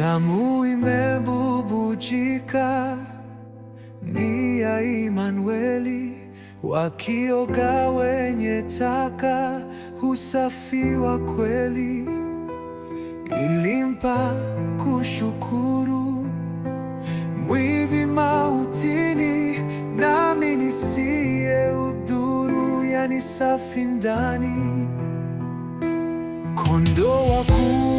Damu imebubujika, ni ya Imanueli. Wakioga wenye taka husafiwa kweli. Ilimpa kushukuru, mwivi mautini, nami nisiye udhuru, yani safi ndani kondoo wakuu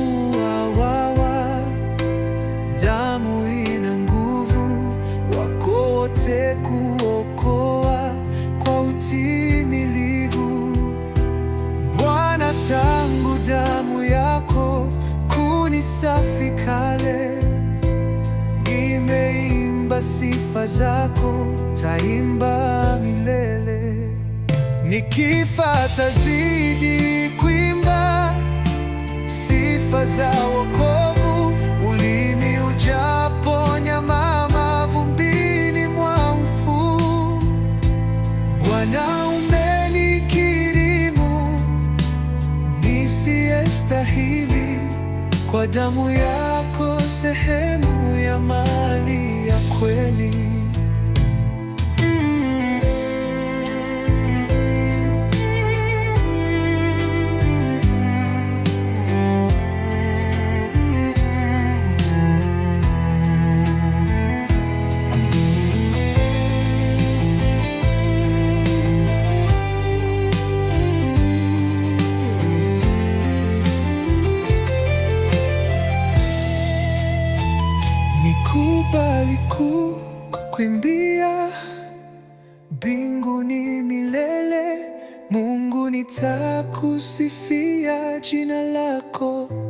safi kale, nimeimba sifa zako, taimba milele. Nikifa tazidi kuimba sifa za wokovu, ulimi ujaponya mama vumbini mwa ufu. Bwana umenikirimu nisiyestahili kwa damu yako sehemu ya kibali kuu kukimbia mbinguni milele. Mungu, nitakusifia jina lako.